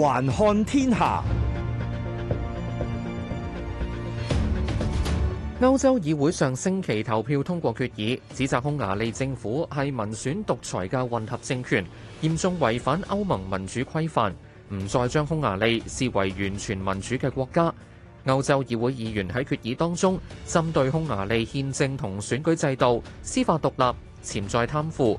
環看天下，歐洲議會上星期投票通過決議，指責匈牙利政府係民選獨裁嘅混合政權，嚴重違反歐盟民主規範，唔再將匈牙利視為完全民主嘅國家。歐洲議會議員喺決議當中，針對匈牙利憲政同選舉制度、司法獨立、潛在貪腐。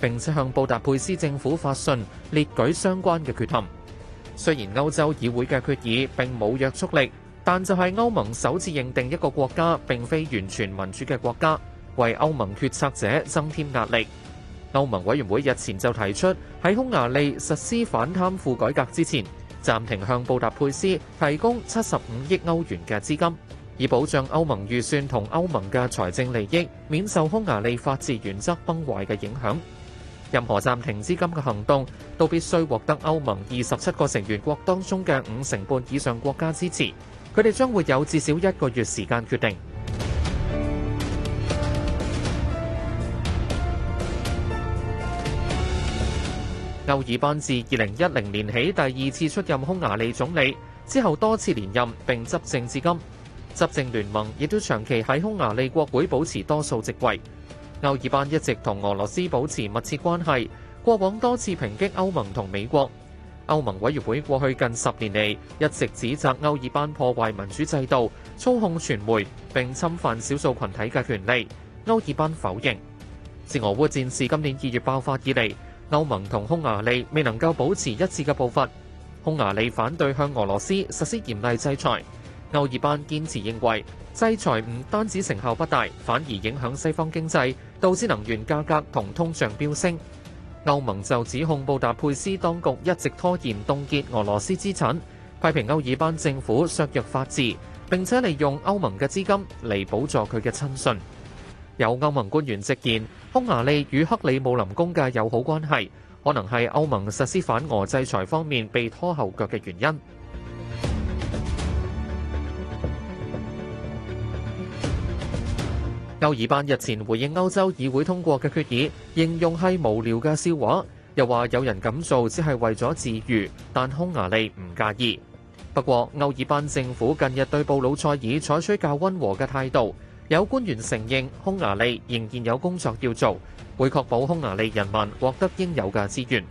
並且向布達佩斯政府發信，列舉相關嘅缺陷。雖然歐洲議會嘅決議並冇約束力，但就係歐盟首次認定一個國家並非完全民主嘅國家，為歐盟決策者增添壓力。歐盟委員會日前就提出喺匈牙利實施反貪腐改革之前，暫停向布達佩斯提供七十五億歐元嘅資金，以保障歐盟預算同歐盟嘅財政利益，免受匈牙利法治原則崩壞嘅影響。任何暫停資金嘅行動都必須獲得歐盟二十七個成員國當中嘅五成半以上國家支持，佢哋將會有至少一個月時間決定。歐爾班自二零一零年起第二次出任匈牙利總理，之後多次連任並執政至今。執政聯盟亦都長期喺匈牙利國會保持多數席位。歐爾班一直同俄羅斯保持密切關係，過往多次抨擊歐盟同美國。歐盟委員會過去近十年嚟一直指責歐爾班破壞民主制度、操控傳媒並侵犯少數群體嘅權利。歐爾班否認。自俄烏戰事今年二月爆發以嚟，歐盟同匈牙利未能夠保持一致嘅步伐。匈牙利反對向俄羅斯實施嚴厲制裁。歐爾班堅持認為制裁唔單止成效不大，反而影響西方經濟，導致能源價格同通脹飆升。歐盟就指控布達佩斯當局一直拖延凍結俄羅斯資產，批評歐爾班政府削弱法治，並且利用歐盟嘅資金嚟補助佢嘅親信。有歐盟官員直言，匈牙利與克里姆林宮嘅友好關係，可能係歐盟實施反俄制裁方面被拖後腳嘅原因。歐爾班日前回應歐洲議會通過嘅決議，形容係無聊嘅笑話，又話有人咁做只係為咗自娛，但匈牙利唔介意。不過，歐爾班政府近日對布魯塞爾採取較温和嘅態度。有官員承認，匈牙利仍然有工作要做，會確保匈牙利人民獲得應有嘅資源。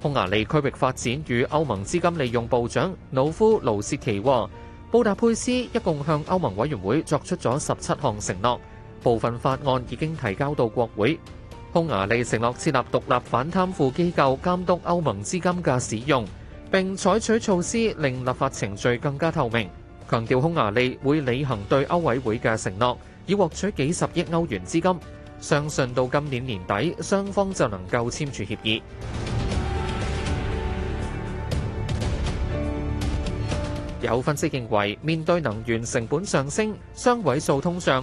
匈牙利區域發展與歐盟資金利用部長老夫盧斯奇話：布達佩斯一共向歐盟委員會作出咗十七項承諾。部分法案已經提交到國會。匈牙利承諾設立獨立反貪腐機構監督歐盟資金嘅使用，並採取措施令立法程序更加透明。強調匈牙利會履行對歐委會嘅承諾，以獲取幾十億歐元資金。相信到今年年底，雙方就能夠簽署協議。有分析認為，面對能源成本上升、雙位數通脹。